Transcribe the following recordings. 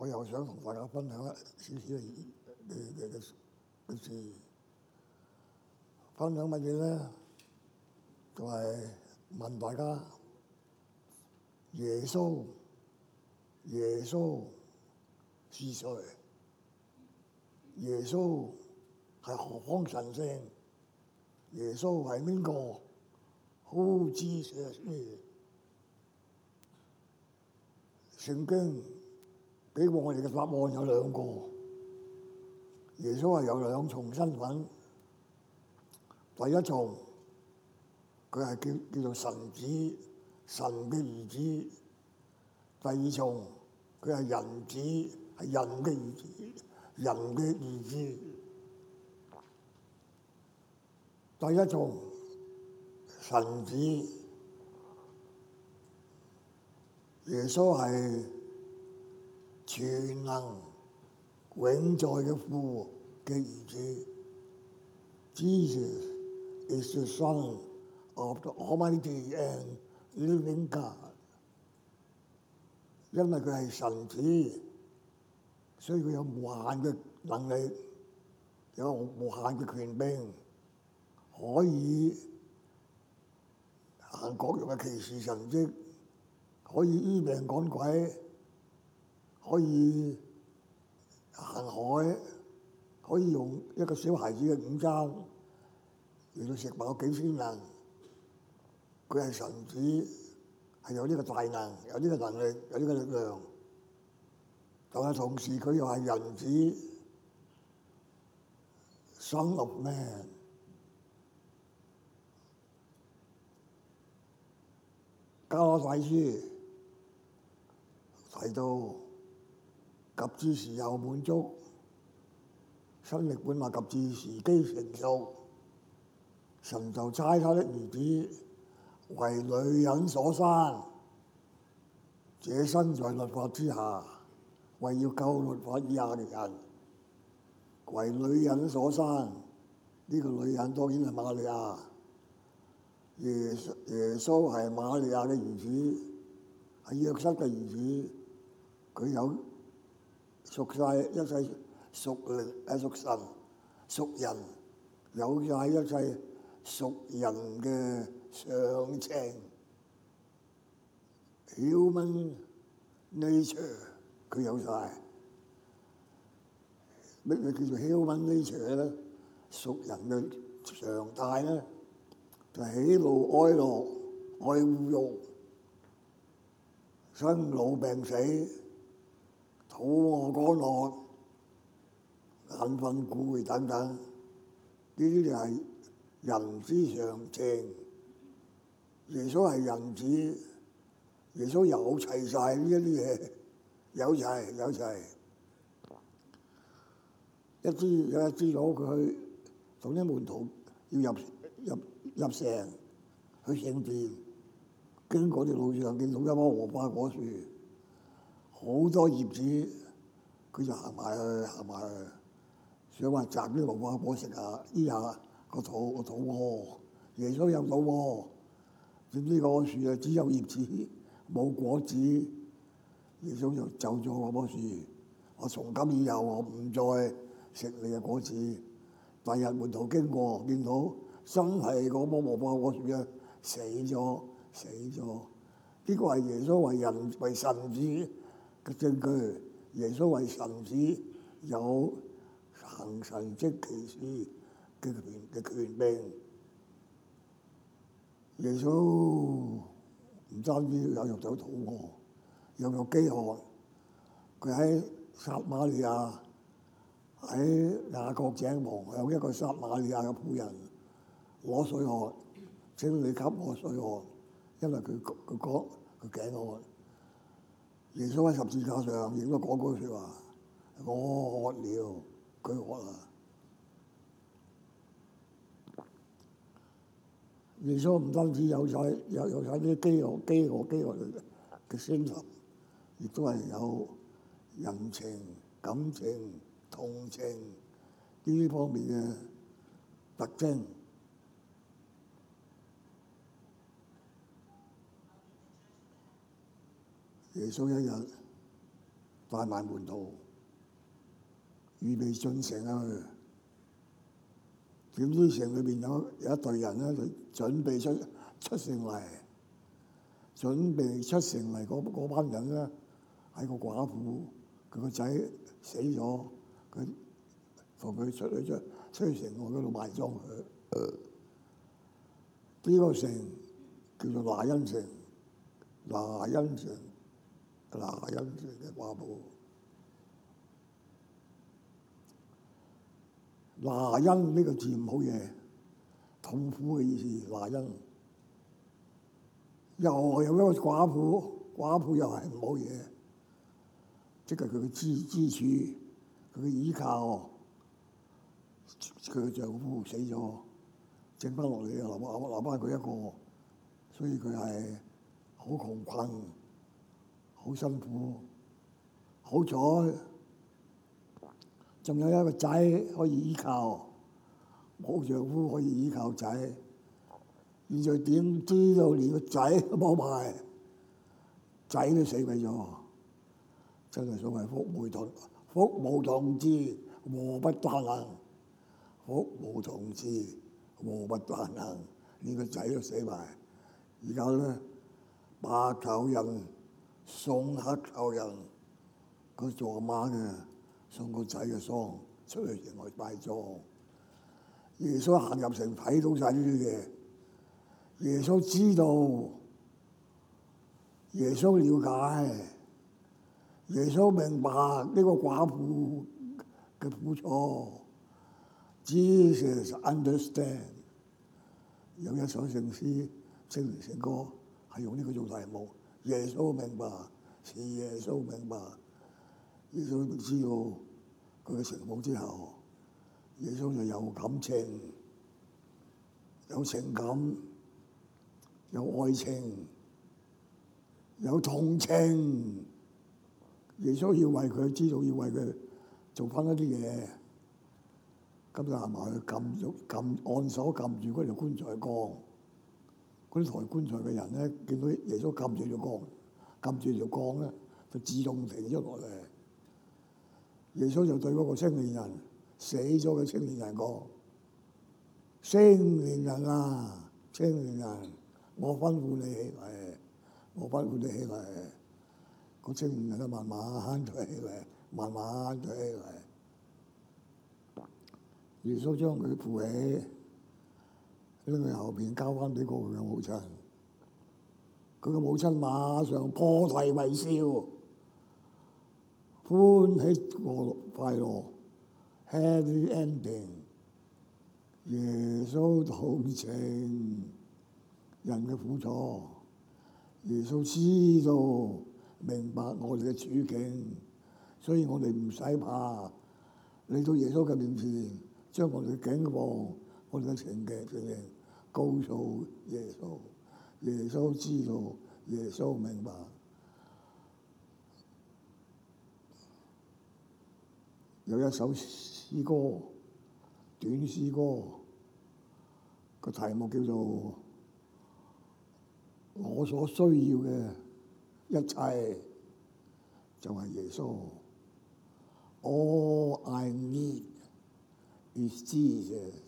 我又想同大家分享一少少嘅嘅嘅事。分享乜嘢咧？就係、是、問大家：耶穌，耶穌是誰？耶穌係何方神聖？耶穌係邊個？好知誒誒？聖經。呢個我哋嘅答案有兩個，耶穌係有兩重身份。第一重佢係叫叫做神子，神嘅兒子；第二重佢係人子，係人嘅兒子，人嘅兒子。第一重神子，耶穌係。全能永在嘅父，嘅兒子。Jesus is the Son of the Almighty and Living God。因為佢係神子，所以佢有無限嘅能力，有無限嘅權柄，可以行各樣嘅奇事神蹟，可以醫病趕鬼。可以行海，可以用一個小孩子嘅午餐，嚟到食飽幾千人。佢係神子，係有呢個大能，有呢個能力，有呢個力量。但係同時，佢又係人子，Son of Man. 教我睇書，睇到。及至時候滿足，新譯本嘛，及至時機成熟，神就差他的兒子為女人所生，這身在律法之下，為要救律法以下嘅人，為女人所生呢、這個女人當然係瑪利亞，耶耶穌係瑪利亞嘅兒子，係約瑟嘅兒子，佢有。熟曬一切熟靈啊，熟神熟人，有曬一切熟人嘅常情，human nature 佢有曬。乜嘢叫做 human nature 咧？熟人嘅常態咧，就喜怒哀樂、愛惡欲、生老病死。好餓好攰，眼瞓古攰等等，呢啲就係人之常情。耶穌係人子，耶穌有齊晒呢一啲嘢，有齊有齊。一支有一支攞佢去同啲門徒要入入入城去聖殿，經嗰條路上見到一樖無花果樹。好多葉子，佢就行埋去行埋去，想話摘啲無花果食啊。呢下個肚，個肚餓，耶穌有到喎，點知個樹啊，只有葉子冇果子，耶穌就走咗個棵樹我從今以後我唔再食你嘅果子。第日門徒經過見到，真係個棵無花果樹啊，死咗死咗。呢、這個係耶穌為人為神子嘅證據，耶穌為神子，有神神，有行神蹟奇事嘅權嘅權柄。耶穌唔單止有肉體肚餓，又有飢渴。佢喺撒瑪利亞喺雅各井旁，有一個撒瑪利亞嘅婦人攞水喝，請你給我水喝，因為佢佢講佢頸渴。耶穌喺十字架上，耶穌講句説話：我渴了，佢渴啦。耶穌唔單止有晒有有咗啲饑渴饑渴饑渴嘅嘅身形，亦都係有人情感情同情呢啲方面嘅特徵。其中一日帶埋門徒，預備進城啊！點知城裏邊有有一隊人咧，就準備出出城嚟，準備出城嚟嗰班人咧，喺個寡婦佢個仔死咗，佢同佢出去出出城外嗰度埋葬佢。呢個城叫做拿因城，拿因城。嗱因，即係寡婦，嗱，因呢個字唔好嘢，痛苦嘅意思。嗱，因又有一個寡婦，寡婦又係唔好嘢，即係佢嘅支支柱，佢嘅依靠，佢嘅丈夫死咗，剩翻落嚟留翻留翻佢一個，所以佢係好窮困。好辛苦，好彩仲有一個仔可以依靠，冇丈夫可以依靠仔。現在點知道連個仔都冇埋，仔都死鬼咗，真係所謂福會同福無雙至，「禍不單行。福無雙至，禍不單行，連個仔都死埋，而家咧，白頭人。送黑頭人，佢做阿媽嘅，送個仔嘅喪出去成日拜葬。耶穌行入城睇到晒呢啲嘢，耶穌知道，耶穌瞭解，耶穌明白呢個寡婦嘅苦楚。 Jesus understand 有一首聖詩、聖元聖歌，係用呢個做題目。耶穌明白，是耶穌明白，耶穌知道佢嘅情況之後，耶穌就有感情、有情感、有愛情、有同情。耶穌要為佢知道，要為佢做翻一啲嘢。咁行埋去撳住按，按，按手撳住嗰條棺材槓。嗰啲抬棺材嘅人咧，見到耶穌撳住條槓，撳住條槓咧，就自動停咗落嚟。耶穌就對嗰個青年人，死咗嘅青年人講：青年人啊，青年人，我吩咐你起嚟，我吩咐你起嚟。個青年人就慢慢喺度起嚟，慢慢喺度起嚟。耶穌將佢扶起。拎去後邊交翻俾佢個母親，佢個母親馬上破涕為笑。歡喜過快樂 ，Happy Ending。耶穌同情人嘅苦楚，耶穌知道明白我哋嘅處境，所以我哋唔使怕。嚟到耶穌嘅面前，將我哋嘅頸項、我哋嘅情嘅。情告訴耶穌，耶穌知道，耶穌明白。有一首詩歌，短詩歌，個題目叫做《我所需要嘅一切就係耶穌》。 All I need is Jesus.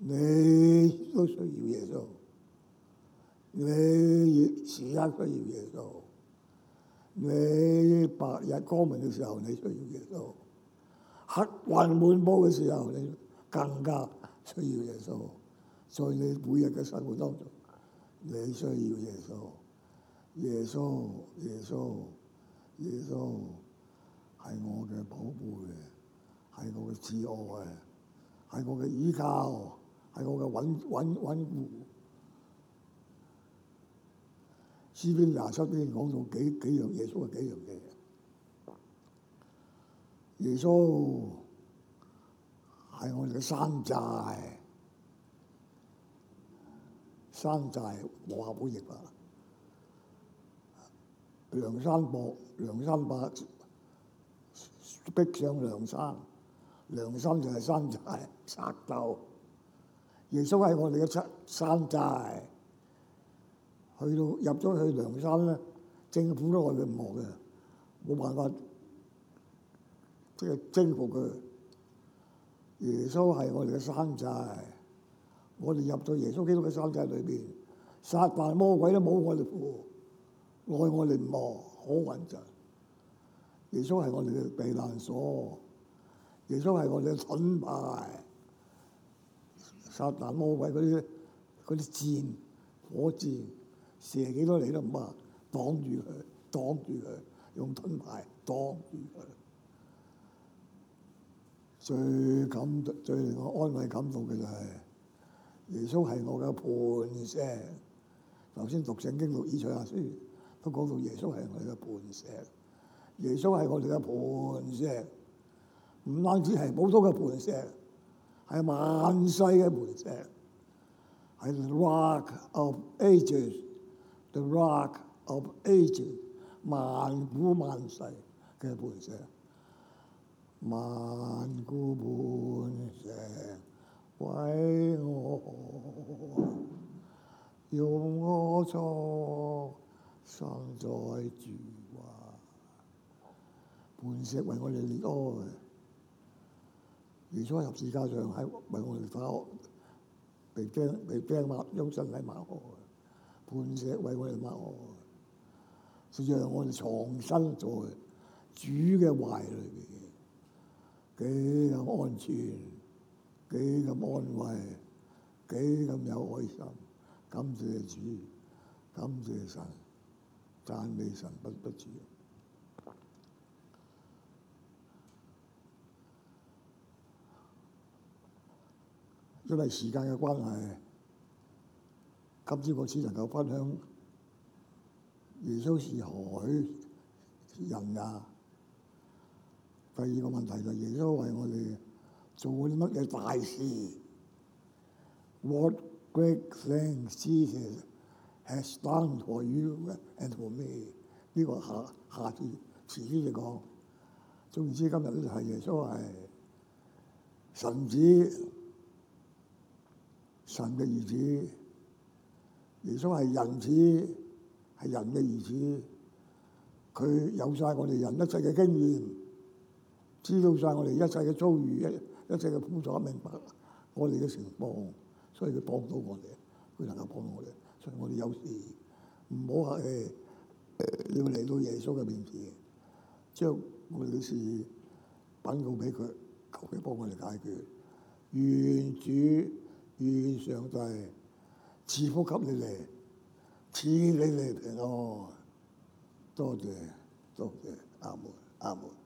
你都需要耶穌，你時刻需要耶穌，你白日光明嘅時候你需要耶穌，黑雲滿布嘅時候你更加需要耶穌。所以你每日嘅生活當中，你需要耶穌，耶穌耶穌耶穌係我嘅寶貝，係我嘅至愛，係我嘅依靠。係我嘅穩穩穩固。詩篇廿七篇講到幾幾樣耶穌嘅幾樣嘢：耶穌係我哋嘅山寨，山寨武俠武俠。梁山伯、梁山伯，梁山伯逼上梁山，梁山就係山寨殺鬥。耶穌係我哋嘅山寨，去到入咗去梁山咧，政府都我哋唔何嘅，冇辦法即係征服佢。耶穌係我哋嘅山寨，我哋入到耶穌基督嘅山寨裏邊，撒但魔鬼都冇我哋符，愛我哋唔何，好穩陣。耶穌係我哋嘅避難所，耶穌係我哋嘅盾牌。核彈魔鬼嗰啲嗰啲箭、火箭射幾多你都唔怕，擋住佢，擋住佢，用盾牌擋住佢。最感最令我安慰、感動嘅就係、是、耶穌係我嘅磐石。頭先讀聖經讀以賽亞書都講到耶穌係我嘅磐石，耶穌係我哋嘅磐石，唔單止係普通嘅磐石。係萬世嘅磐石，係 The Rock of Ages，The Rock of Ages，萬古萬世嘅磐石，萬古磐石、啊、為我用我坐，生在主懷磐石為我哋而開嘅。而初入世加上喺我哋之國被釘被釘埋將身體埋殼，磐石穩穩埋殼，實際我哋藏身在主嘅懷裏面，幾咁安全，幾咁安慰，幾咁有愛心，感謝主，感謝神，讚美神不不絕。因為時間嘅關係，今朝我只能夠分享耶穌是何許人呀、啊？第二個問題就耶穌為我哋做啲乜嘢大事？What great things Jesus has done for you and for me？呢個下下去，接住講。總之，今日呢都係耶穌係神子。神嘅兒子，耶穌係人子，係人嘅兒子。佢有晒我哋人一切嘅經驗，知道晒我哋一切嘅遭遇，一一切嘅苦楚，明白我哋嘅情況，所以佢幫到我哋，佢能夠幫到我哋。所以我哋有事唔好係要嚟、欸、到耶穌嘅面前，將我哋嘅事禀告俾佢，求佢幫我哋解決。願主。願上帝賜福給你哋，賜你哋哦，多謝，多謝，阿門，阿門。